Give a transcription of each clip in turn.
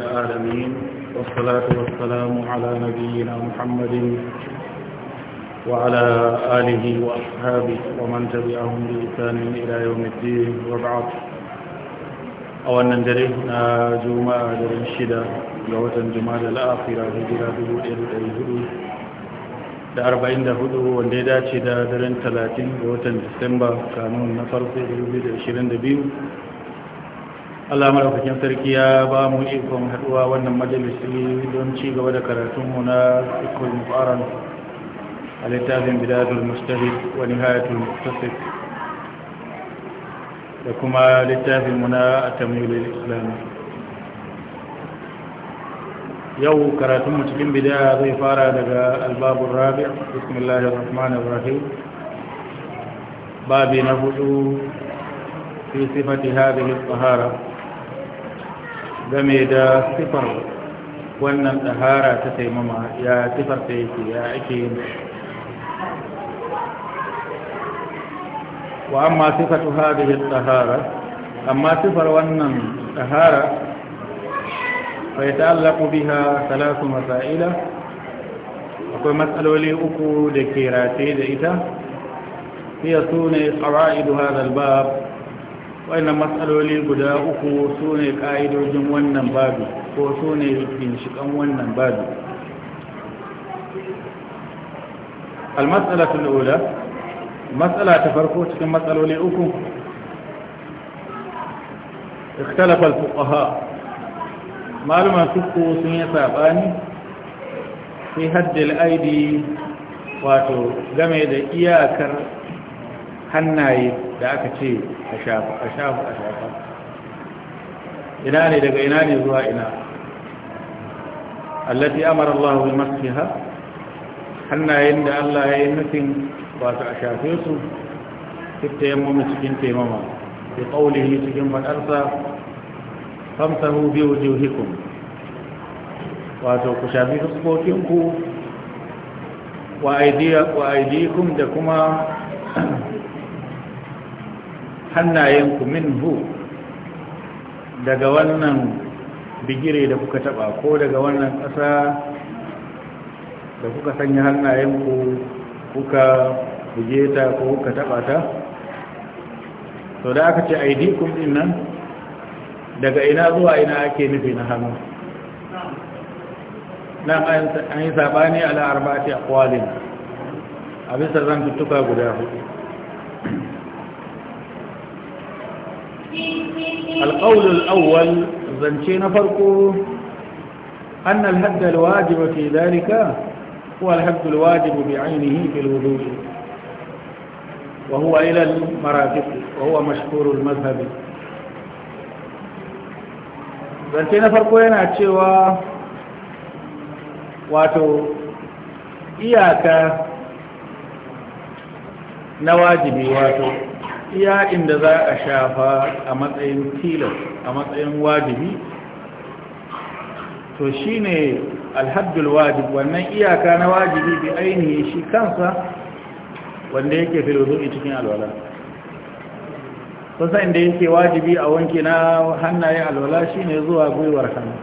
العالمين والصلاة والسلام على نبينا محمد وعلى آله وأصحابه ومن تبعهم بإحسان إلى يوم الدين وبعد أولا درهنا جمعة للشدة لغة جمعة الآخرة هجرة بلوئر الهدو da arba'in da hudu wanda ya dace da daren talatin ga watan disamba kanun na farko 2022 Allah maraukakin sarki ya ba mu ikon haɗuwa, wannan majalisi don ci gaba da karatunmu na ikon mubaran a littafin bidadul mustahid wa nihayatul muktasib da kuma littafin mu na atamilul islam yau karatunmu cikin bidaya zai fara daga albabun rabi' bismillahir rahmanir rahim babi na hudu fi sifati hadhihi at-tahara game da sifar wannan ɗahara ta taimama ya sifar ta yake ya ake yin wa amma sifatu hadhihi ɗahara amma sifar wannan ɗahara fa yata'allaqu biha thalathu masaila akwai matsaloli uku da ke rataye da ita fiye sunay qara'id hadha al-bab wannan matsaloli guda uku su ne ƙa'idojin wannan babu ko su ne binshiƙan wannan babu almatsalatul ula matsala ta farko cikin matsaloli uku ikhtalafal fuqaha maluma suku sun yi saɓani fi haddil aidi wato game da iyakar hannaye da aka ce a shafa a shafa a shafa ina ne daga ina ne zuwa ina allati amara Allah bi masfiha hannayen da Allah ya yi nufin ba su a shafe su fitta yammami cikin taimama bi qawlihi cikin fadarsa famsahu bi wujuhikum wato ku shafi ku? wa aidiyakum da kuma hannayenku minhu daga wannan bigire da kuka taba ko daga wannan ƙasa da kuka sanya hannayenku kuka buge ta ko kuka taba ta sau da aka ce aidikun din nan daga ina zuwa ina ake nufi na hannu nan an yi saɓani ala arba'ati a kwalin a bisa zan tuttuka guda hudu القول الأول زنشين فرقه أن الهد الواجب في ذلك هو الهد الواجب بعينه في الوضوء وهو إلى المرافق وهو مشهور المذهب زنشين فرقه هنا wato واتو إياك نواجبي واتو iya inda za a shafa a matsayin tilas a matsayin wajibi to shi ne alhaddul wajib wannan iyaka na wajibi bi ainihi shi kansa wanda yake filozofi cikin alwala kusa inda yake wajibi a wanke na hannaye alwala shi ne zuwa gwiwar hannu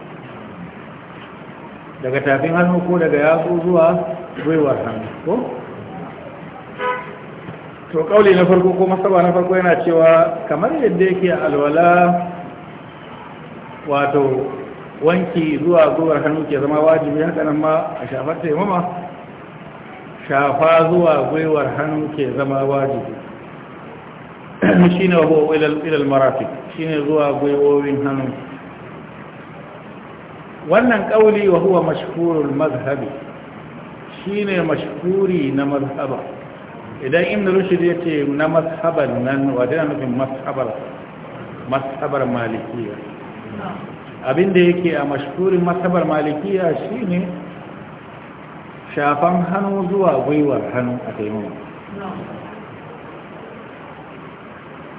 daga tafin hannu ko daga yatsu zuwa gwiwar hannu ko? to kauli na farko ko masaba na farko yana cewa kamar yadda yake alwala wato wanki zuwa gowar hannu ke zama wajibi haka nan ma a shafar taimama shafa zuwa gwiwar hannu ke zama wajibi shi ne wa ilal marafi shi ne zuwa gwiwowin hannu wannan kauli wa huwa mashhurul mazhabi shi ne mashhuri na mazhaba idan ibn rushd ya ce na mashabar nan wadda nufin mashabar malikiya abinda yake a mashhurin mashabar malikiya shine shafan hannu zuwa gwiwar hannu a taimama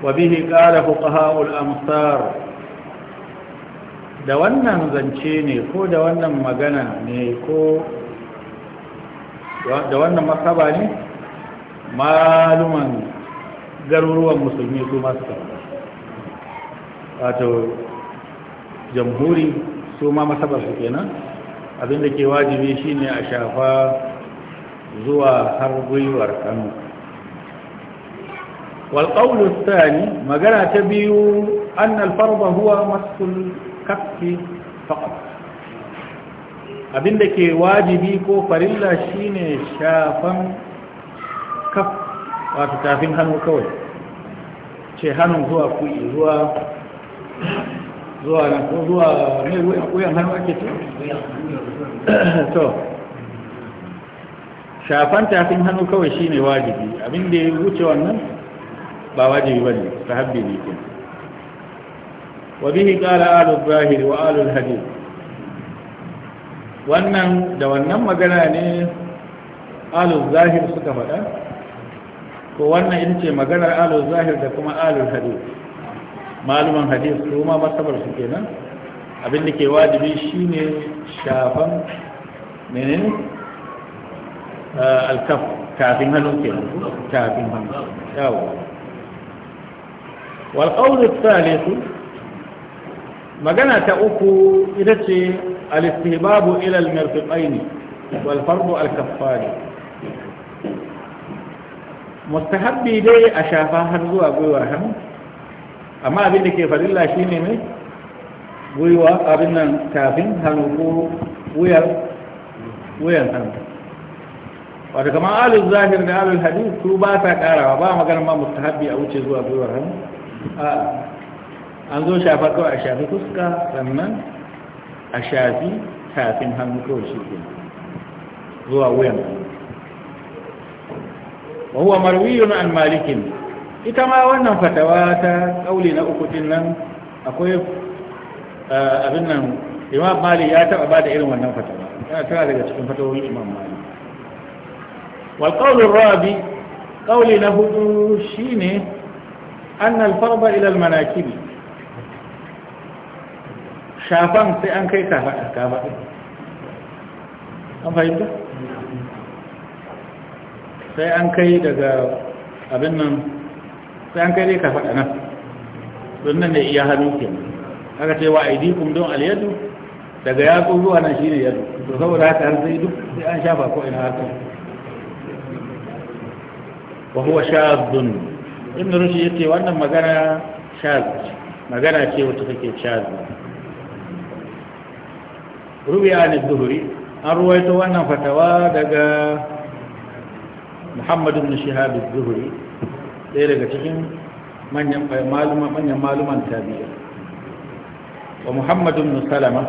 wabihi ƙara fuqaha'ul amsar da wannan zance ne ko da wannan magana ne ko da wannan masaba ne maluman garuruwan musulmi su masu karɓa wato jamhuri su ma masabar su kenan abinda ke wajibi shine a shafa zuwa har gwiwar kanu walƙaunin tsani magana ta biyu annal farba huwa masul kafi faƙaf abinda ke wajibi ko farilla shine shafan kaf wato tafin hannu kawai ce hannun zuwa kuyi zuwa zuwa nan ko zuwa mai wuyan hannu ake ce to shafan tafin hannu kawai shine wajibi abinda ya wuce wannan ba wajibi ba ne, ta sahabbi ne kenan ƙara alu zahir wa alu الحديث wannan da wannan magana ne alu zahir suka faɗa to wannan in ce maganar alu zahir da kuma alu hadis maluman hadis su ma masabar su kenan abin da ke wajibi shine shafan menene eh, alkaf kafin hannu kenan kafin hannu yawo wal qawl thalith magana ta uku ita ce al istihbabu ila al mirfiqaini wal fardu al kaffari mustahabbi dai a shafa har zuwa gwiwar hannu amma abin da ke farilla shi ne mai gwiwa abin nan tafin hannu ko wuyan hannu Wata kama alul zahir da alul hadis su ba ta karawa ba magana ma mustahabbi a wuce zuwa gwiwar hannu an zo shafa kawai a shafi fuska sannan a shafi tafin hannu kawai shi ke zuwa wuyan hannu wa huwa marwiyun an malikin ita ma wannan fatawa ta kauli na uku din nan akwai eh, abin nan imam malik ya taba bada irin wannan fatawa yana tana daga cikin fatawoyin imam malik wal qawlu rabi qawli na hudu shine an al farba ila al manakib shafan sai an kai kafa kafa an fahimta sai an kai daga abin nan sai an kai dai ka faɗa nan don nan ne iya hannu ke haka ce wa aidikum don alyadu daga yatsu zuwa nan ne yadu to saboda haka har sai duk sai an shafa ko ina haka wa huwa shadun ibn rushe yace wannan magana shaz magana ce wacce take shaz rubiya ne zuhuri an ruwaito wannan fatawa daga muhammadu ibn shihab az-zuhri ɗaya daga cikin manyan eh, maluma manyan maluman tabi'a wa muhammadu ibn salama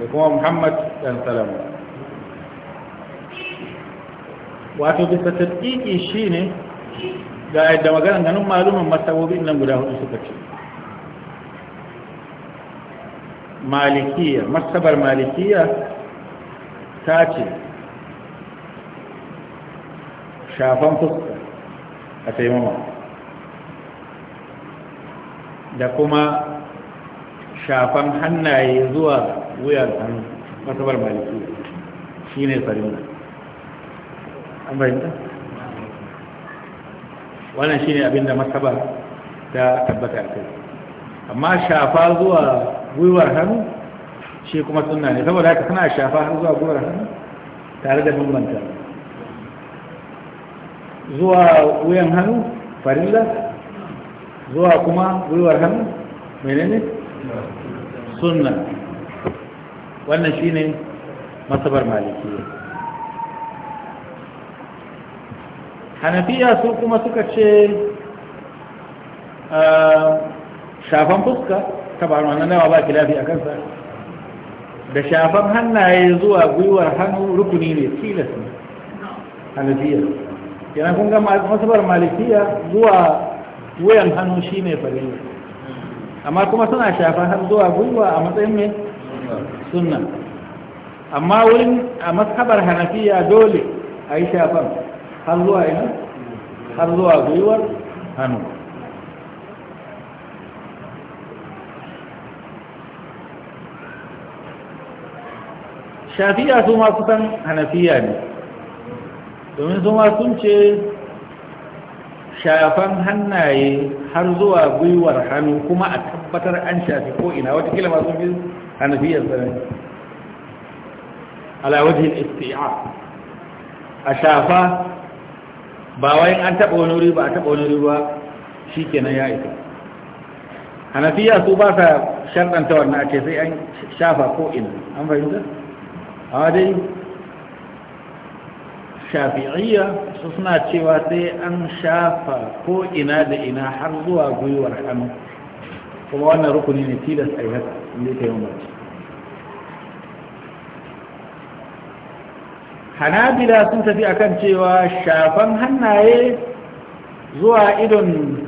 da kuma muhammad dan salama wato bisa tattiki shine ga yadda maganar ganin maluman masabobin nan guda hudu suka ce malikiya masabar malikiya ta ce shafan fuska a taimama da kuma shafan hannaye zuwa wuyar hannu masabar maliki shi ne da, an bayyanta wannan shi ne abinda masaba ta tabbata a kai amma shafa zuwa gwiwar hannu shi kuma suna ne saboda haka suna shafa zuwa gwiwar hannu tare da bambanta zuwa wuyan hannu farilla zuwa kuma gwiwar hannu menene sunna wannan shine masabar maliki hanafiya su kuma suka ce ah, shafan fuska ta ba wannan nawa ba kilafi a kansa da shafan hannaye zuwa gwiwar hannu rukuni ne tilas ne hanafiya kenan kun ga masabar malikiya zuwa wuyan hannu shi ne farilla amma kuma suna shafa har zuwa gwiwa a matsayin mai sunna amma wurin a masabar hanafiya dole a yi shafar har zuwa ina har zuwa gwiwar hannu shafiya su ma kusan hanafiya ne domin zuma sun ce shafan hannaye har zuwa gwiwar hannu kuma a tabbatar an shafi ko'ina kila masu fi hannafiyar zanen alawajin isti'a a shafa ba wayan an taɓa wani wuri ba a taɓa wani wuri ba shi kenan ya ita hannafiya su ba sa sharɗanta wannan a ce sai an shafa ko'ina an fahimta a dai shafi'iyya su suna cewa sai an shafa ko ina da ina har zuwa gwiwar hannu kuma wannan rukuni ne tilas a yi inda ta yi umarci hanabila sun tafi akan cewa shafan hannaye zuwa idon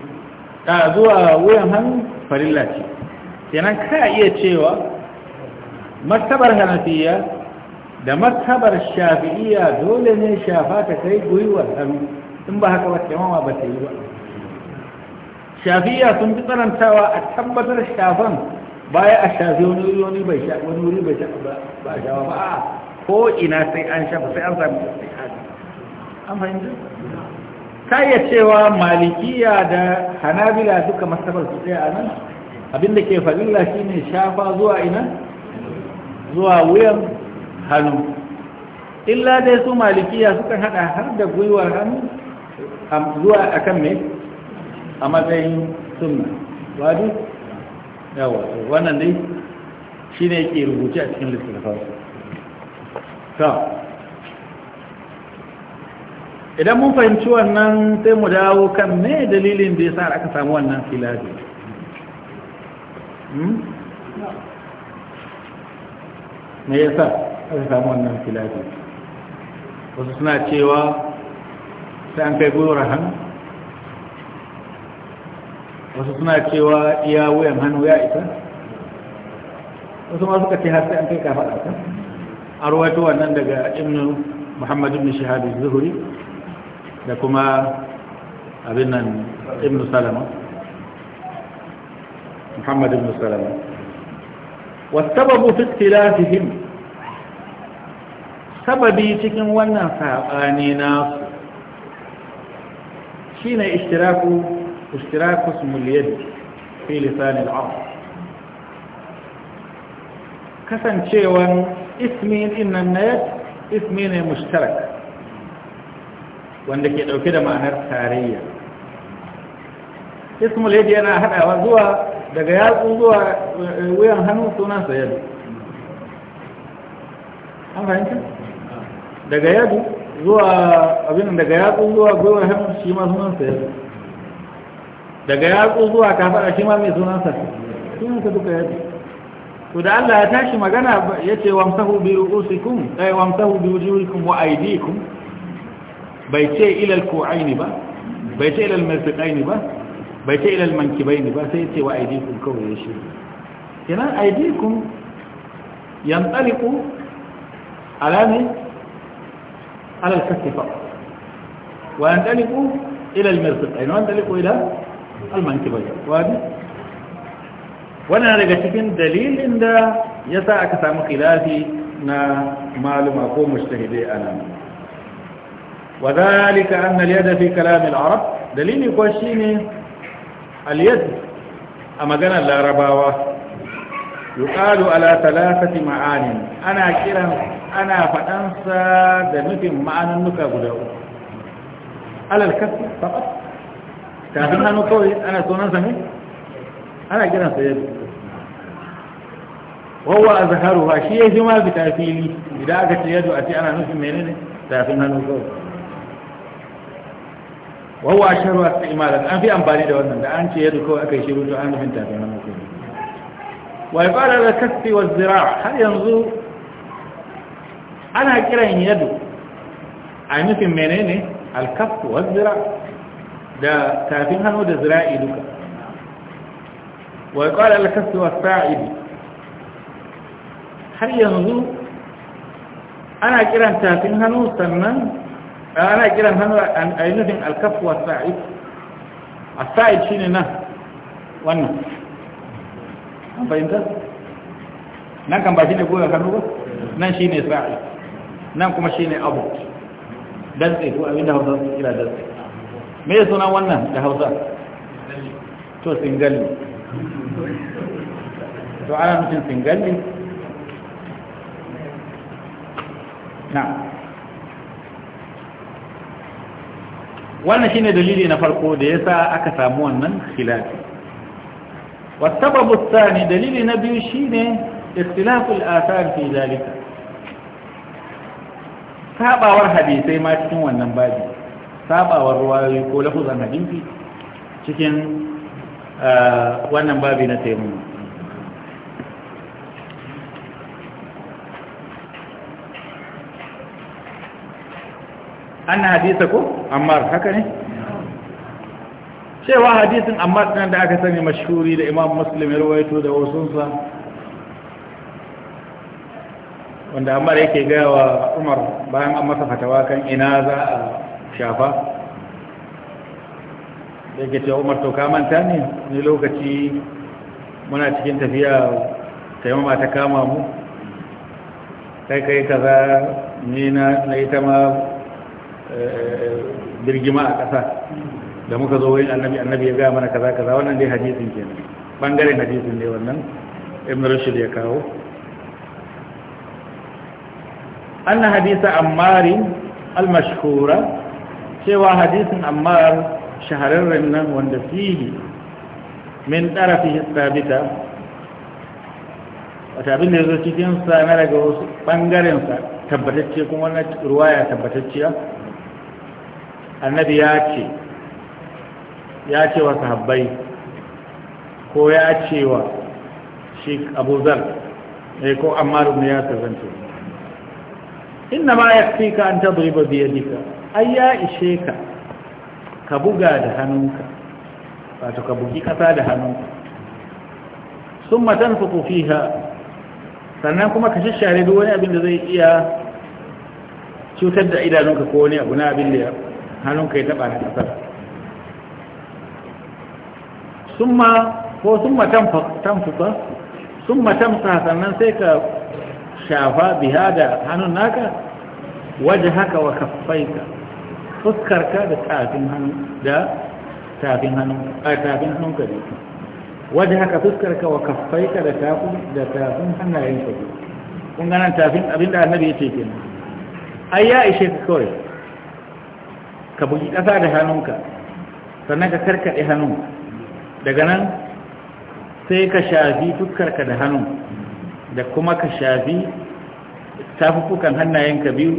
ta zuwa wuyan hannu farilla ce kenan ka iya cewa martabar hanafiya da martabar shafi'iyya dole ne shafa ta kai gwiwar hannu in ba haka wata yamama ba ta yi ba shafi'iyya sun fi tsanantawa a tabbatar shafan baya a shafi wani wuri bai sha wani wuri bai sha ba a shafa ba ko ina sai an shafa sai an sami sai an fahimta ta iya cewa malikiya da hanabila duka martabar su tsaya a nan abinda ke farilla shine shafa zuwa ina zuwa wuyan hannu illa dai su malikiya suka hada har da gwiwar hannu zuwa a kan mai a matsayin suna wadu yawa wannan dai shi ne ke rubuce a cikin littattafansu ta idan mun fahimci wannan sai mu dawo kan ne dalilin da ya sa aka samu wannan filafi hmm? me ya sa aka samu wannan filafi wasu suna cewa sai an kai gwiwar hannu wasu suna cewa iya wuyan hannu ya isa wasu ma suka ce har sai an kai kafa a kan a ruwaito wannan daga ibnu muhammad ibn shahab zuhuri da kuma abin nan ibnu salama muhammad ibn salama والسبب في اختلافهم sababi cikin wannan saɓani su shi ne ishtiraku ishtiraku smuliyar fi lisanin al'am kasancewan ismin dinnan na yad ismi ne mustarak wanda ke ɗauke da ma'anar tarayya ismul yad yana haɗawa zuwa daga yatsu zuwa eh, wuyan hannu sunan sayar. an fahimta daga yadu zuwa abin daga yatsu zuwa gwiwar hannu shi ma sunansa yadu daga yatsu zuwa kafaɗa shi ma mai sunansa sunansa duka yadu to da Allah ya tashi magana ya ce wamsahu bi ru'usikum ay eh, wamsahu bi wujuhikum wa aydikum bai ce ila al-ku'aini ba bai ce ila al-mirfiqaini ba bai ce ila al-mankibaini ba sai ce wa aydikum kawai ya shi kenan aydikum yantaliqu ala ne على الكف فقط وأندلقوا إلى المرفق أين أندلقوا إلى المنكبية وهذا وانا لقيتكين دليل إن دا يسعى كثام خلافي نا معلوم أقو مجتهدي أنا وذلك أن اليد في كلام العرب دليل يقوشيني اليد أما قنا اللا رباوة يقال على ثلاثة معاني أنا أكيرا ana faɗansa da nufin ma'anin nuka guda uku alal kasu faɗa kafin hannu kawai ana sunansa ne ana kiransa yadda wawa a zaharuwa shi ya ji ma fita fili idan aka ce yadda a ce ana nufin menene tafin hannu kawai wawa sharu a imalan an fi amfani da wannan da an ce yadda kawai aka yi shiru to an nufin tafin hannu kawai wa ya da kasti wa zira har yanzu ana kiran yadu a nufin menene alkafu wa zira da tafin hannu da zira'i duka wai ya kwada alkafu wa sa'idi har yanzu ana kiran tafin hannu sannan ana kiran hannu a nufin alkafu wa sa'idi a sa'id shi ne nan wannan an fahimta nan kan ba shi ne goya hannu ba nan shi ne sa'id nan kuma shine abu dantse ko abin da hausa su kira dantse me ya suna wannan da hausa to singalli to ana nufin singalli na wannan shine dalili na farko da yasa aka samu wannan khilafi wasababu tsani dalili na biyu shine ikhtilafu al-athar fi dalika sabawar hadisai ma cikin wannan babi sabawar ruwayoyi ko lafuzan hadisi cikin eh, wannan babi na taimu an hadisa ko ammar haka ne cewa hadisin ammar nan da aka sani mashuri da imam muslim ya rawaito da wasunsa wanda Ammar yake gaya wa Umar bayan an masa fatawa kan ina za a shafa yake cewa Umar to ka manta ne ni lokaci muna cikin tafiya taimama ta kama mu kai kai kaza ni na ita ma eh, birgima a ƙasa da muka zo wurin annabi annabi ya gaya mana kaza kaza wannan dai hadisin ke bangaren hadisin ne wannan ibn rushd ya kawo أن حديث عمار المشهورة سوى حديث عمار شهر الرمنا وند فيه من طرفه الثابتة وتابين الرسيكين سامرة جوز بانجرين tabbatacce kuma wannan ruwaya tabbatacciya annabi ya ce ya ce sahabbai ko ya ce shi abuzar ne ko amma rubin ya tsazance inna ma ka an tadriba bi yadika ai ya ishe ka ka buga da hannunka wato ka bugi kasa da hannunka summa tanfuku fiha sannan kuma ka shishare duk wani abin da zai iya cutar da idanunka ko wani abu na abin da hannunka ya taba na sun summa ko summa tanfuka summa tamsa sannan sai ka shafa biya da hannun naka waje haka wa kaffaika fuskarka da tafin hannun da tafin hannun tafin hannun ka biyu waje haka fuskarka wa kaffaika da tafin tafin hannayen ka biyu kun ganan tafin abinda annabi ya ce kenan ai ya ishe ka kawai ka bugi ƙasa da hannunka sannan ka karkaɗe hannun daga nan sai ka shafi fuskarka da hannun da kuma ka shafi tafukukan hannayenka biyu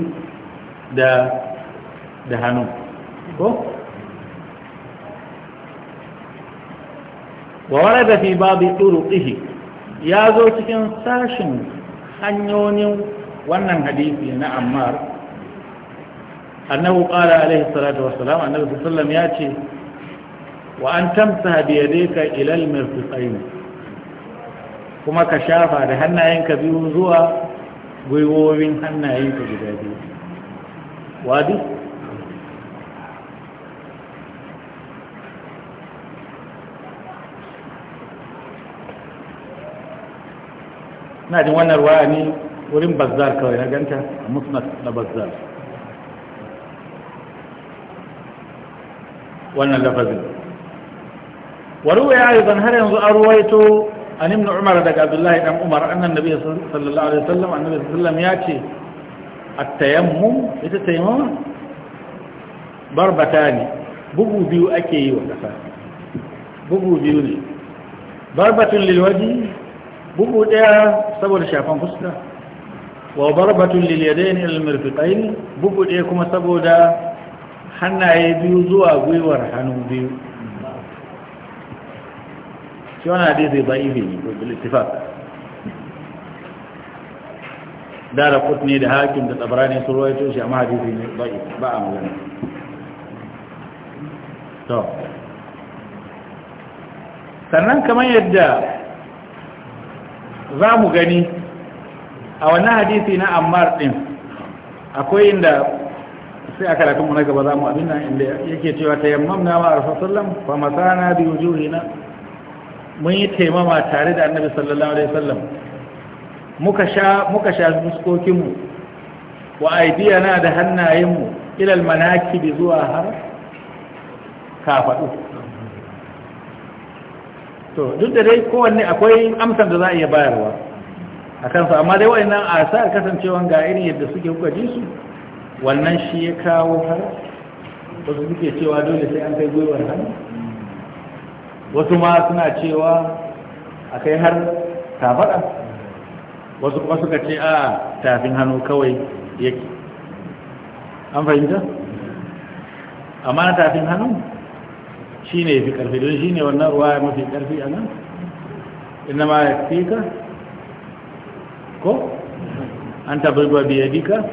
da da hannu ko wa warada fi babu turuqihi ya zo cikin sashin hanyoyin wannan hadisi na Ammar annahu ƙara alaihi salatu wassalam annabi Sallam ya ce wa an tamsaha bi yadayka ila al-mirfaqayn kuma ka shafa da hannayenka biyu zuwa gwiwowin hannayenka guda biyu wadi na jin wannan ruwa ne wurin bazar kawai na ganta a musnad na bazar wannan lafazin waruwa ya yi har yanzu an ruwaito an ibn umar daga abdullahi dan umar annan nabi sallallahu alaihi wasallam annabi sallallahu alaihi wasallam ya ce at-tayammum ita tayammum barbatani bugu biyu ake yi wa kasa bugu biyu ne barbatun lil waji bugu daya saboda shafan fuska wa barbatun lil yadayn ila al-mirfiqayn bugu daya kuma saboda hannaye biyu zuwa gwiwar hannu biyu shi wani hadisi ba ife ne ko bilittifak dara kut ne da hakim da ne sun ruwaito shi amma hadisi ne ba a magana to sannan kamar yadda za mu gani a wannan hadisi na ammar din akwai inda sai a karatunmu na gaba za mu abin nan inda yake cewa ta yammam na ma'arfa sallam fa masana bi wujuhina mun yi taimama tare da annabi sallallahu alaihi wasallam muka sha muka sha mu wa aidiyana da hannayenmu ilal manakibi zuwa har kafadu to duk da dai kowanne akwai amsar da za a iya bayarwa a kansu amma dai wa'annan a sa kasancewan ga irin yadda suke kuka ji su wannan shi ya kawo har wasu suke cewa dole sai an kai gwiwar hannu wasu ma suna cewa a kai har kafaɗa wasu kuma suka ce a tafin hannu kawai yake an fahimta amma na tafin hannu shi ne fi ƙarfi don shi ne wannan ruwa ya mafi ƙarfi a nan ina ma ya fi ka ko an ruwa biya dika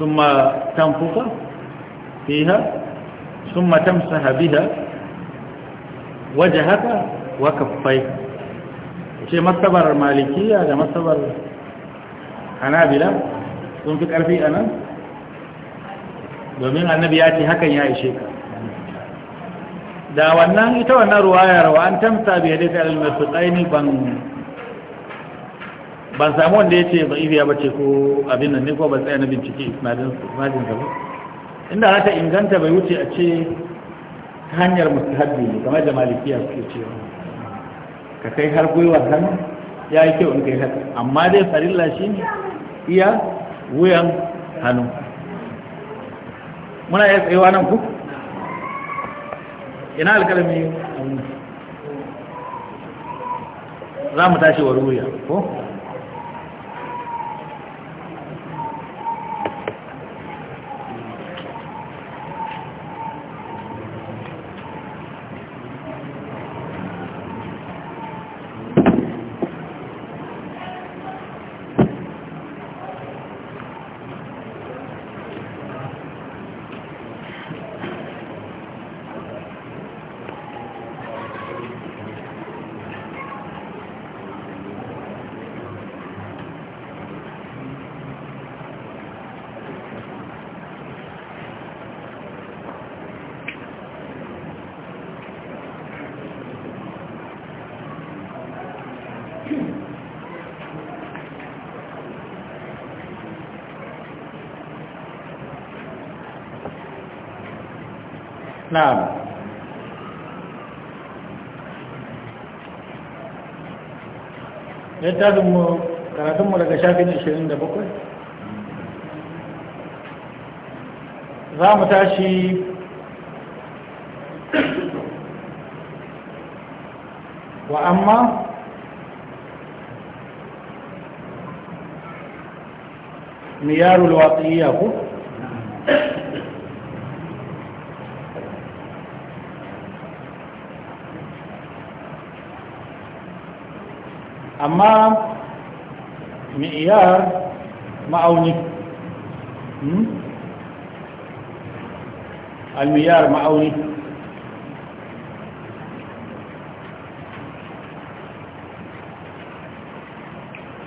sun ma tamfuka ha? sun ma tamsa biha waje haka wa kaffai ce masabar malikiya da masabar hanabila sun fi ƙarfi a nan domin annabi ya ce hakan ya ishe ka da wannan ita wannan ruwayar wa an tamta biya da ta almasu tsaini ban samu wanda ya ce zaifi ya bace ko abin nan ne ko ban tsaye na bincike isnadin ba inda za ta inganta bai wuce a ce ta hanyar mustahabbi ne kamar da malikiya suke cewa ka kai har gwiwar hannu ya yi kyau in kai haka amma dai farilla shi ne iya wuyan hannu muna iya tsayuwa nan ku ina alkalami za mu tashi wa ruya ko نعم ya na'am mu karatunmu daga shafin 27 za mu tashi wa amma miyarul watsiyya ku hammam mi'iyar ma'auni hmm? almiyar ma'auni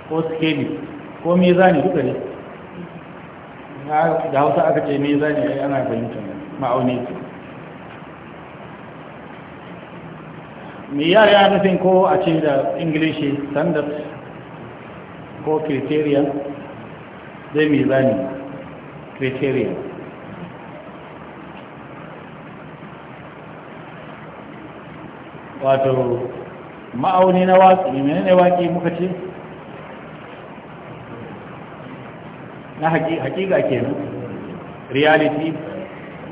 ko skeli ko mezani duka ne da hausa aka ce mezani ana fahimta ma'auni ce yaya ya nufin ko a ce da ingilishi standard ko criteria zai mai zani criteria wato ma'auni na waƙi mai ne waƙi muka ce na haƙiƙa ke reality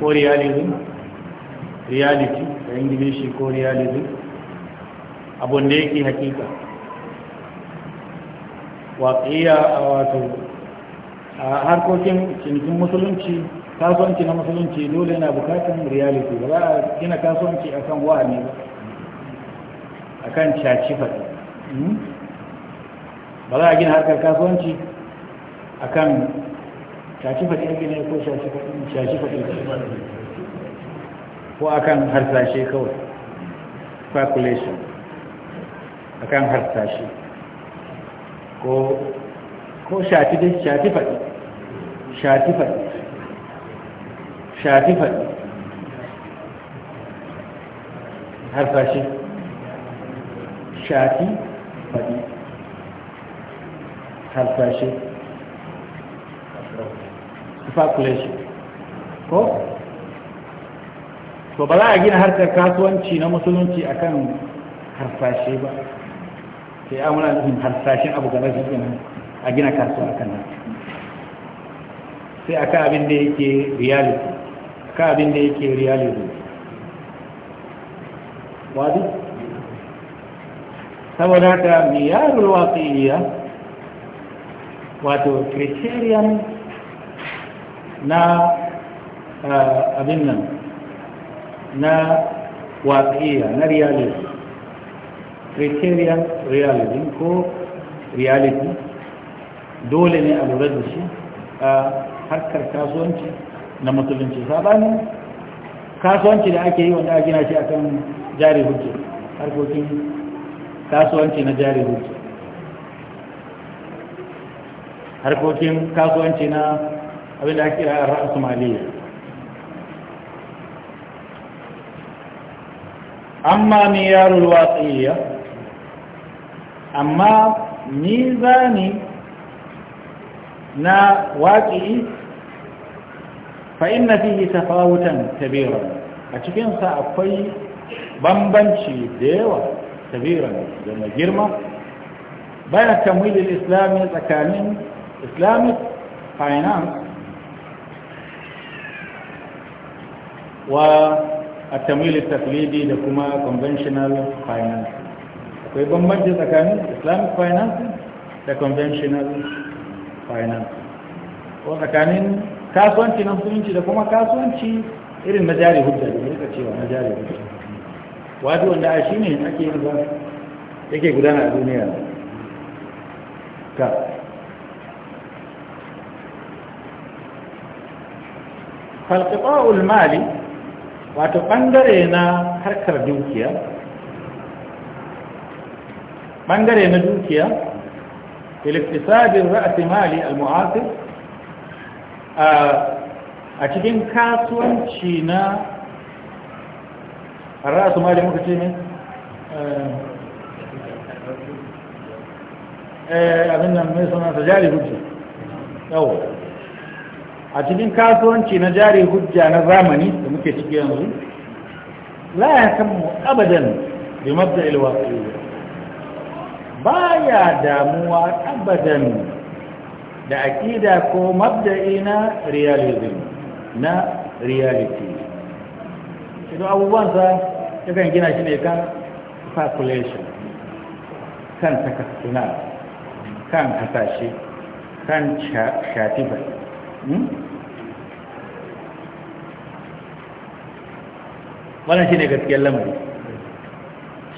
ko realism reality da ingilishi ko realism abun da yake hakika waƙiya a wato a harkokin cinikin musulunci kasuwanci na musulunci dole yana bukatun reality ba za a gina kasuwanci a kan ne, ba a kan cacifar hmm? ba za a gina harkar kasuwanci a kan cacifar yake ne ko cacifar ɗin ko a kan harsashe kawai calculation akan harsashi ko ko shati da shafi faɗi shati faɗi shati faɗi harsashi shati faɗi harsashi speculation ko to ba za a gina harkar kasuwanci na musulunci akan harfashe ba sai ya muna nufin harsashin abu game shi ne a gina kasuwa kan nan sai aka abin da yake reality aka abin da yake reality wadi saboda haka miyarul iya wato criterion na eh, abin nan na iya na reality criterion reality ko reality dole ne a lura da shi a harkar kasuwanci na musulunci sabani kasuwanci da ake yi wanda a gina shi akan jari hujji harkokin kasuwanci na jari hujji harkokin kasuwanci na abin da ake a ra'ar somaliya amma mai yaro watsa amma mizani na waƙi fa'in na fiye tafawutan tabiran a cikinsa akwai bambanci da yawa tabiran da mai girma bayan tamwilin islami tsakanin islamic finance wa a tamwilin taflidi da kuma conventional finance akwai bambanci tsakanin islamic finance da conventional finance ko tsakanin kasuwanci na musulunci da kuma kasuwanci irin na jari hujja da rika cewa na jari hujja wato wanda a shi ne ake yin ba yake gudana a duniya ka falƙiƙa'ul mali wato ɓangare na harkar dukiya bangare na dukiya iliktisadin ra'asimali al-mu'asir a cikin kasuwanci na ra'asimali muka ce ne abin nan mai suna ta jari hujja yau a cikin kasuwanci na jari hujja na zamani da muke ciki yanzu la ya kan mu abadan bi mabda ilwaƙi baya damuwa abadan da aƙida ko mabda'i na realism na reality idan abubuwansa yakan gina shi ne kan calculation kan takasuna, kan hasashe kan shatiba hmm? wannan shi ne gaskiyar lamari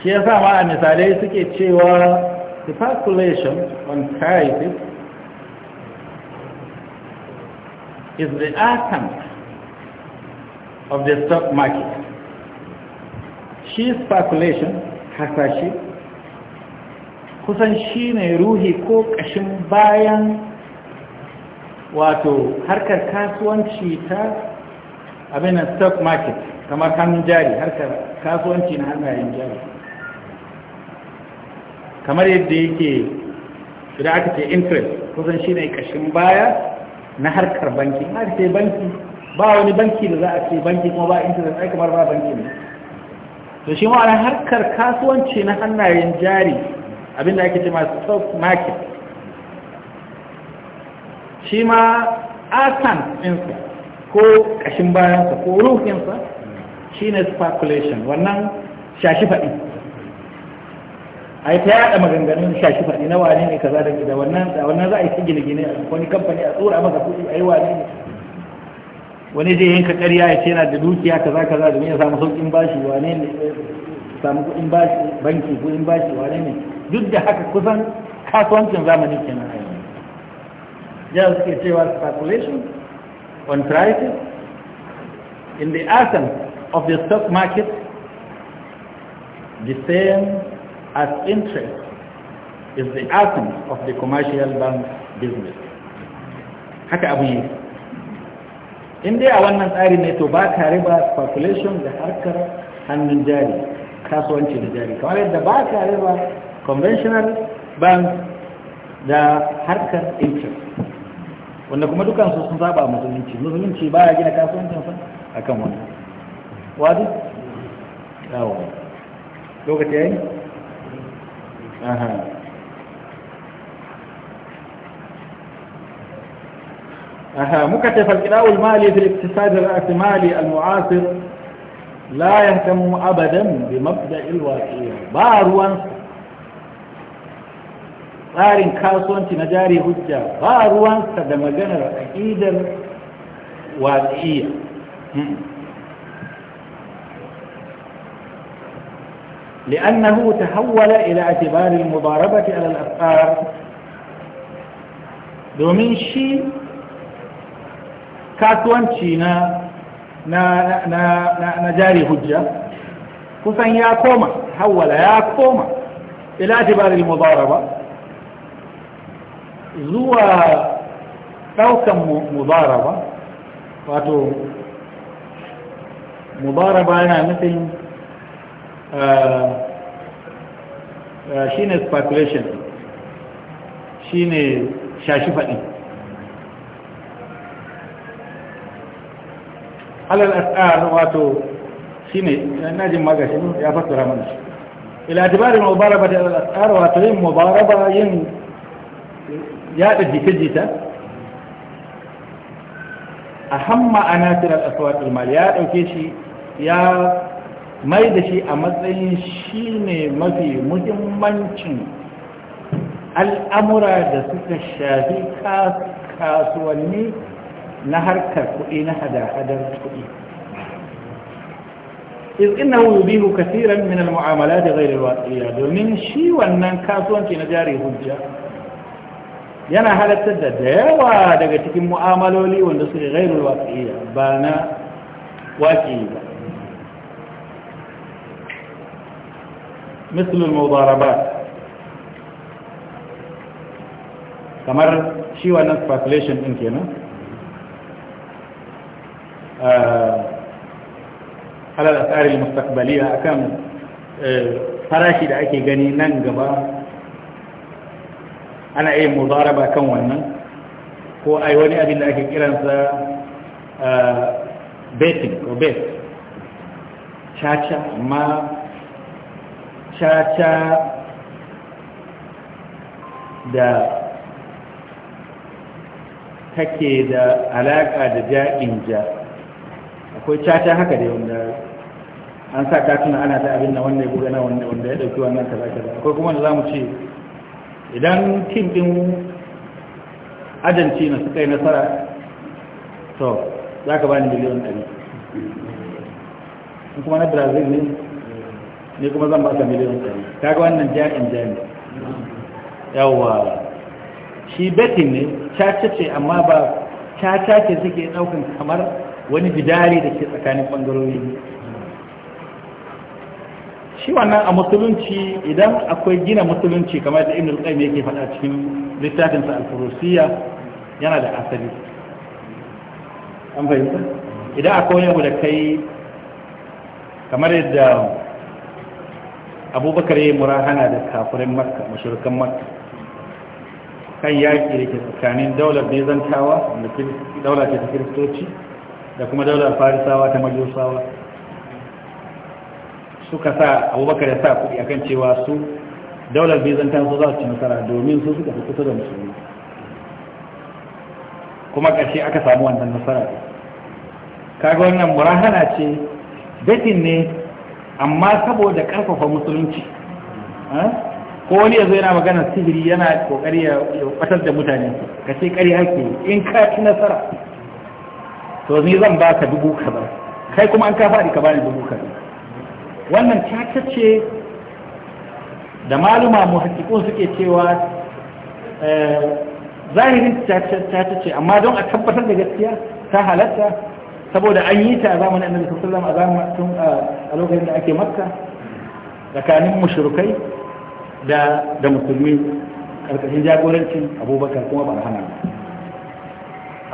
shi ya sa ma a misalai suke cewa The calculation on crisis is the atom of the stock market. Shi speculation, hasashe, kusan shi ne ruhi ko ƙashin bayan wato harkar kasuwanci ta abin stock market kamar hannun jari harkar kasuwanci na hannayen jari kamar yadda yake da aka ce interest kusan shi ne kashin baya na harkar banki har sai banki ba wani banki da za a ce banki kuma ba interest ai kamar ba banki ne to shi ma'ana harkar kasuwanci na hannayen jari abinda ake ce masu stock market shi ma asan ɗinsa ko kashin bayansa ko ruhinsa shi ne speculation wannan shashi faɗi ai ta yada maganganun shashi faɗi na wane ne kaza da da wannan da wannan za a yi ta gine-gine a wani kamfani a tsora maka kuɗi ai wane ne wani zai yanka ƙarya ya ce yana da dukiya kaza kaza domin ya samu sauƙin bashi wane ne samu kuɗin bashi banki kuɗin bashi wane ne duk da haka kusan kasuwancin zamani kenan a yanzu ya suke cewa speculation on prices in the essence of the stock market the same as interest is the essence of the commercial bank business haka abu yi in dai a wannan tsari ne to ba ka riba population da harkar hannun jari kasuwanci da jari kamar yadda ba ka riba conventional bank da harkar interest wanda kuma dukansu sun saba musulunci musulunci ba ya gina kasuwancinsa a kan wani wadu? yawo lokaci أها أها مكتف الكلاء المالي في الاقتصاد الرأسمالي المعاصر لا يهتم أبدا بمبدأ الواقعية باروان tsarin كاسون تنجاري هجا باروان ba أكيدا واقعية لأنه تحول إلى اعتبار المضاربة على الأفكار دومين شي كاتوان شينا نا نا نا نا جاري هجة كسان يا كوما تحول يا كوما إلى اعتبار المضاربة زوا توكا مضاربة واتو مضاربة أنا مثل Uh, uh, shi ne speculation shi ne shashi faɗi halal as'ar wato shi ne najin magashin ya fasa mana shi ilatibarin mubaraba da halal as'ar wato yin mubaraba yin yada jita-jita a hamma a nasirar aswatul ilmali ya ɗauke shi ya mai da shi a matsayin shi ne mafi muhimmancin al'amura da suka shafi kasuwanni na harkar kuɗi na hada-hadar kuɗi izina yubihu kasiran min al-mu'amala da gairar watsiya domin shi wannan kasuwanci na jari hujja yana halartar da dayawa yawa daga cikin mu'amaloli wanda suke gairar watsiya ba na waƙi ba مثل المضاربات تمر شي وانا سباكليشن انك هنا آه، على الاسعار المستقبلية كم آه، فراشي دا اكي غني ننجبا انا اي مضاربة كم هو اي واني ابي اللي اكي كيران سا آه، بيتنك او بيت ما caca da take da alaƙa da ja'in ja akwai caca haka da wanda an sa katuna ana ta abin da wanda ya gugana wanda ya ɗauki wannan kaza kaza akwai kuma da za mu ce idan tim ɗin ajanci na suka yi nasara to za ka ba ni miliyan ɗari kuma na brazil ne ne kuma zan baka miliyan ɗari kaga wannan ja'in jami yawa shi betin ne caca ce amma ba caca ce suke ɗaukan kamar wani bidari da ke tsakanin ɓangarori shi wannan a musulunci idan akwai gina musulunci kamar da inda qayyim yake faɗa cikin littafinsa alfurusiya. yana da asali an fahimta idan akwai yau da kai kamar yadda abubakar ya yi murahana da kafirin makka mashirkan makka kan yaƙi da ke tsakanin daular bezantawa da daular ta kiristoci da kuma daular farisawa ta majusawa suka sa abubakar ya sa kuɗi akan cewa su daular bezantawa su za su ci nasara domin su suka fi kusa da musulmi kuma ƙarshe aka samu wannan nasara kaga wannan murahana ce betin ne amma saboda karfafa musulunci eh? ko wani yanzu yana magana sihiri yana kokari ya fatar da mutane ka ce kari ake in ka ci nasara to ni zan ba ka dubu kaza kai kuma an ka faɗi ka bani dubu kaza wannan ce da maluma mu suke cewa eh, zahirin ta ce amma don a tabbatar da gaskiya ta halatta saboda an yi ta a zamanin annabi sallallahu alaihi wasallam a tun a lokacin da ake makka tsakanin mushrikai da da musulmi karkashin jagorancin abubakar kuma ba hana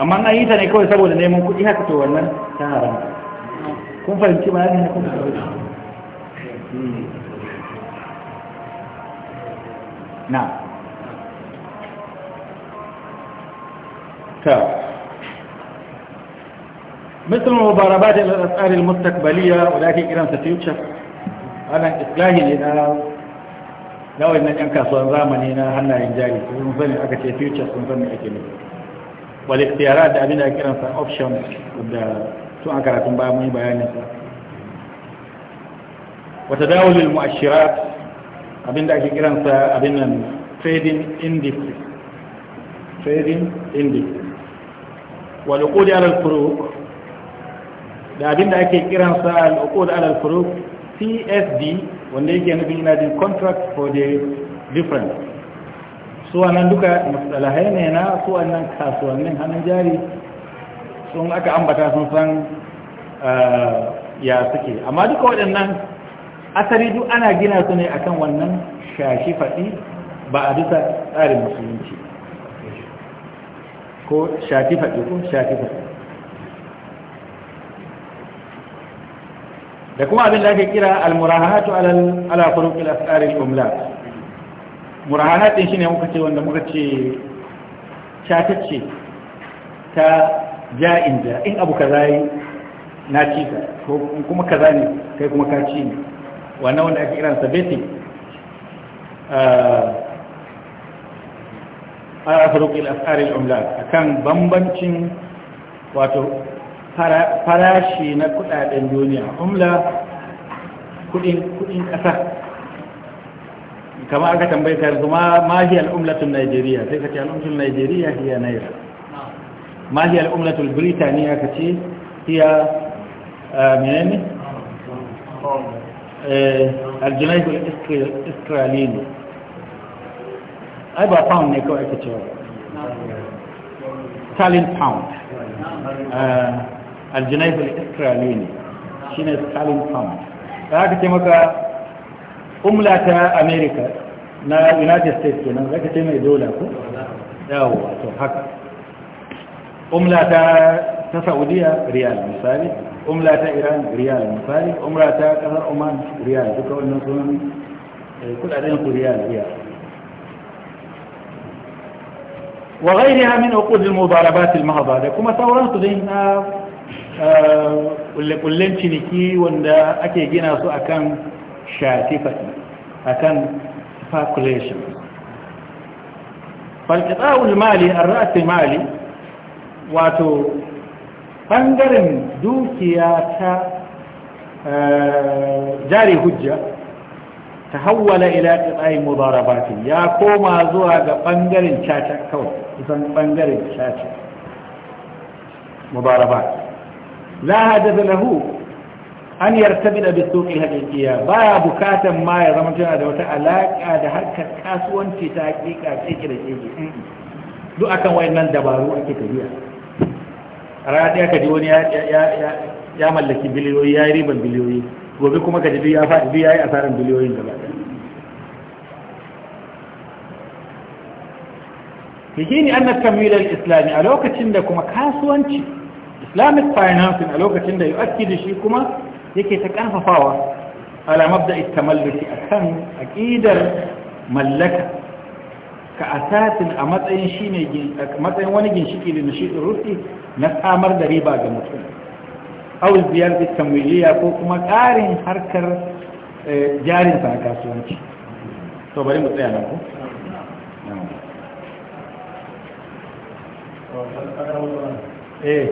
amma an yi ta ne kawai saboda neman kuɗi haka to wannan ta haram kun fahimci ba ne kun fahimci hmm. na ta مثل إلى الأسئلة المستقبلية ولكن إيران ستيوتشف أنا إصلاح لنا لو إن أنك صنزامني هنا هنا إنجالي ونظن أكتب فيوتشف ونظن أكتب والاختيارات أبين أكيران سأوبشن su an karatun baya mun yi bayaninsa wata dawulil mu'ashirat abinda ake kiransa abin nan trading indices trading indices wal qudi da abinda ake kiransa al-uqud ala al-furuq CSD wanda yake nufin yana da contract for the difference su wannan duka mustalahai ne na su wannan kasuwannin hannun jari sun aka ambata sun san eh, ya suke amma duka waɗannan asali duk ana gina su ne akan wannan shashi faɗi ba a bisa tsarin musulunci ko shafi faɗi ko shafi faɗi da kuma abin da ake kira almurahatu alal ala furuqil asar al umlat murahat din shine muka ce wanda muka ce chatacce ta ja'in da in abu kaza yi na ci ka ko kuma kaza ne kai kuma ka ci ne wannan wanda ake kiransa uh, ala a furuqil asar al umla, akan bambancin wato farashi na kudaden duniya umla kudin kasa kama aka tambayi ka yanzu ma hi al'umlatun najeriya sai ka ce al'umlatun najeriya hiya naira ma hi al'umlatun birtaniya ka ce hiya eh, menene eh, aljinaikul israelini ai ba pound ne kawai ake cewa talin pound eh, الجنيف الإسرائيلي شين إسرائيلي محمد فهذا كما أملة أمريكا نا يونايتد ستيتس كنا ذاك تيم دولة كو داو تو حق أملة السعودية ريال مثالي أملة إيران ريال مثالي أملة قطر عمان ريال تقول كل كل ريال ريال وغيرها من عقود المضاربات المهضة لكم ثورة تدين kulle-kullen ciniki wanda ake gina su akan shatifati akan speculation falkitsawul mali a ra'atun mali wato ɓangaren dukiya ta jari hujja ta hawwala ila ƙitsayin mubarabatin ya koma zuwa ga ɓangaren caca kawai kusan ɓangaren caca mubarabatin la hadda lahu an yartabida bi suqi haqiqiya baya bukatan ma ya zama tana da wata alaƙa da harkar kasuwanci ta hakika kike da kike duk akan wayannan dabaru ake tafiya rana ɗaya ka ji wani ya mallaki biliyoyi ya yi riban biliyoyi gobe kuma ka ji ya yi asarar biliyoyin gaba islami a lokacin da kuma kasuwanci islamic financing a lokacin da da shi kuma yake ta karfafawa ala mabda'i tamalluki akan aqidar mallaka ka asatin a matsayin shi ne matsayin wani ginshiki da nashidin rufi na samar da riba ga mutum au ziyar da tamwiliya ko kuma karin harkar jarin sa kasuwanci to bari mu tsaya nan ko eh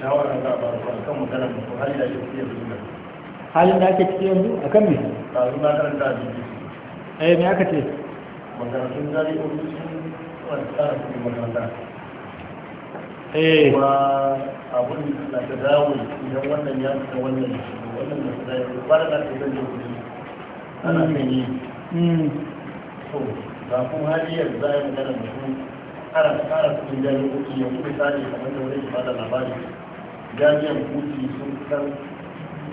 shawara za a ba a kan magana da su halin da ake cikin yanzu halin da ake cikin yanzu a kan me ba su na karanta a jiki eh me aka ce makarantun zari ofishin wani tsara su makaranta eh kuma abun da ta dawo idan wannan ya fita wannan wannan da ta dawo ba da ta zai yi kuɗi ana kan hmm. yi So, hmm. ba kuma hali yanzu za a yi magana da ƙara ƙara cikin jami'in kuɗi yanzu misali kamar da wani ba da labari jami'an kuɗi sun san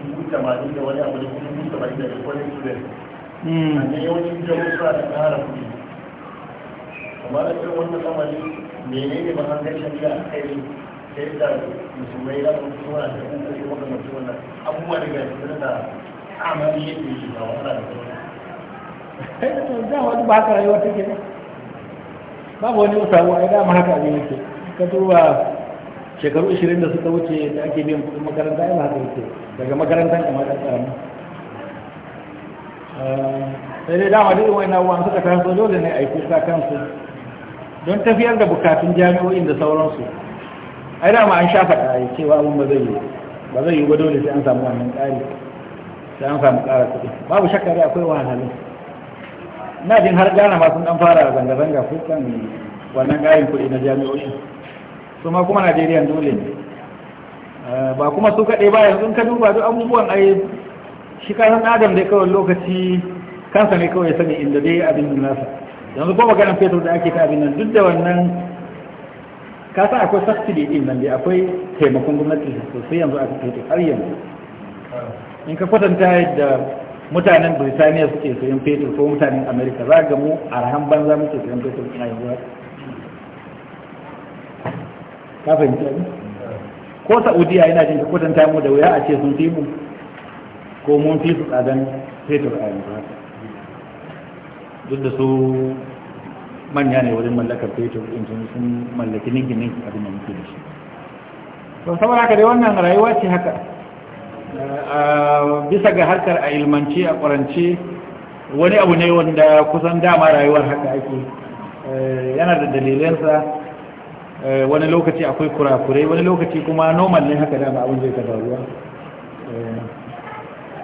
dubu tamanin da wani abu da kuma dubu tamanin da wani student sannan hmm. yawancin jami'in suna da ƙara kuɗi kamar da irin wannan lamari menene mahangar shari'a a kai da musulmai za su suna da ƙoƙari makamanci wannan abubuwa daga cikin da amali yake yi wahala da kuma. Kai da ba haka rayuwa take ba. babu wani mutawa ai dama haka abin yake ka duba shekaru 20 da suka wuce da ake biyan kudin makaranta ya haka yake daga makarantar da mata karama eh, sai dai dama duk wani an saka taso dole ne a yi kuka kansu don tafiyar da bukatun jami'o'in da sauransu ai dama an shafa ya cewa abin ba zai yi ba zai yi ba dole sai an samu wannan ƙari sai an samu ƙara kuɗi babu shakka dai akwai wahalhalu na jin har gana ma sun dan fara zanga-zanga fuskan wannan gayin kuɗi na jami'o'i. su ma kuma najeriya dole ne eh, ba kuma su kaɗai ba yanzu ka duba duk abubuwan ai shi kasan adam dai kawai lokaci kansa ne kawai sani inda dai abin nasa yanzu ko maganar fetur da ake ta abin nan duk da wannan Ka sa akwai subsidy din nan dai akwai taimakon gwamnati sosai yanzu a cikin har yanzu ah. in ka kwatanta yadda mutanen birtaniya suke sayan fetur ko mutanen amerika za ga mu rahan banza muke sayan fetur a yanzu ka fahimci abin ko saudiya yana jin kwatanta mu da wuya a ce sun fi mu ko mun fi su tsadan fetur a yanzu duk da su manya ne wurin mallakar fetur in sun sun mallaki ninki ninki abin da muke da shi to saboda haka dai wannan rayuwa ce haka Eh, eh, bisa ga harkar a ilmance a ƙwarance wani abu ne wanda kusan dama rayuwar haka ake eh, yana da dalilansa wani lokaci akwai kurakurai wani lokaci kuma normal ne haka dama abin zai ka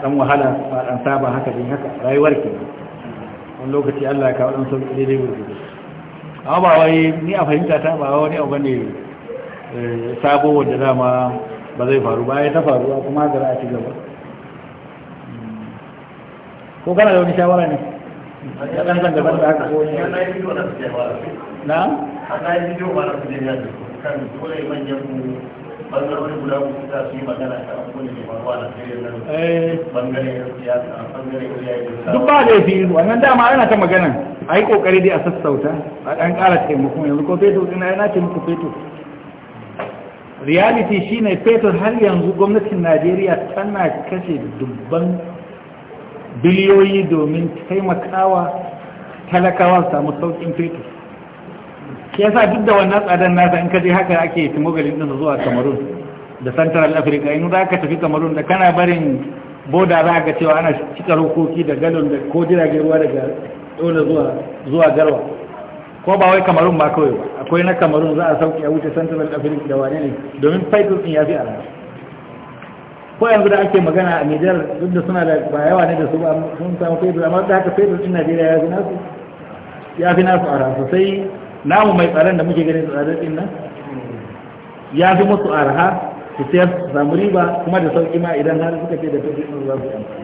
dan wahala ba dan saba haka din haka rayuwar ke wani lokaci Allah ya kawo dan sauki daidai gudu amma ba wai ni a fahimta ta ba wani abu ne sabo wanda dama ba zai faru ba ya ta faru ba kuma da a ci gaba ko kana da wani shawara ne ɗan zan gaban da aka ko na? a yi ba na su da kan dole manyan mu guda su magana ta faruwa eh. na siyasa duk ba wannan dama ana ta magana a yi kokari dai a sassauta a ɗan ƙara taimako yanzu ko fetur ina yana ce muku fetur reality shi ne fetur har yanzu gwamnatin najeriya tana kashe dubban biliyoyi domin taimakawa talakawa samu saukin fetur yasa duk da wannan tsadar nasa in kaje haka ake timogalin ɗinsa zuwa cameroon da central africa in za ka tafi cameroon da kana barin boda za ga cewa ana cika hukoki da galon da ko jiragen ruwa daga dole zuwa garwa ko ba wai kamarun ba kawai akwai na kamarun za a sauki a wuce central africa da wane ne domin faifin din ya fi arha ko yanzu da ake magana a nijar duk da suna da ba yawa ne da su ba sun samu faifin amma da haka faifin din najeriya ya fi nasu ya fi nasu ara sosai namu mai tsaron da muke ganin tsadar din nan ya fi musu araha su sayar su samu riba kuma da sauki ma idan har suka ce da faifin din za su yi amfani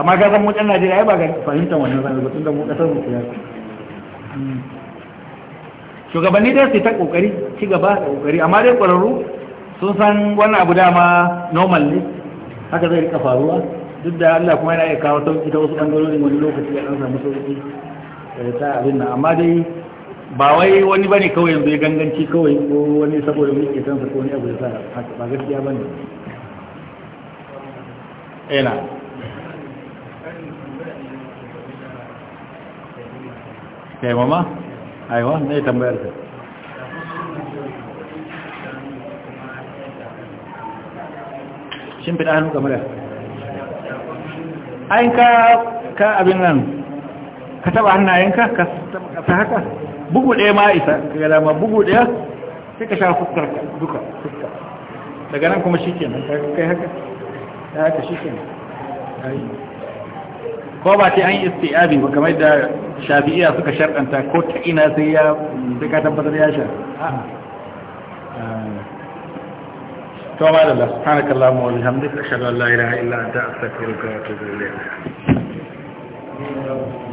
amma ka san mutan najeriya ba ga fahimtar wannan zanen tun da mu kasar mu siyasa shugabanni dai su ta kokari ci gaba da kokari amma dai kwararru sun san wannan abu dama normal ne haka zai rika faruwa duk da Allah kuma yana iya kawo sauki ta wasu bangarori wani lokaci ya samu sauki da ta abin nan amma dai ba wai wani bane kawai yanzu ya ganganci kawai ko wani saboda ke san sa ko wani abu ya sa haka ba gaskiya bane ina eh, kai mama aiwa ne tambayar ka shin fi ɗanu ya ayin ka ka abin nan ka taba hannayenka ka ta haka bugu ɗaya ma isa ka ga dama bugu ɗaya sai ka sha fuskar duka fuska daga nan kuma shi kenan kai haka ya haka shi kenan ko ba ta an yi isti'abi ba kamar da shafi'iya suka sharɗanta ko ta ina sai ya sai ka tabbatar ya sha to ba da subhanakallahumma wa bihamdika ashhadu an la ilaha illa anta astaghfiruka wa atubu ilayk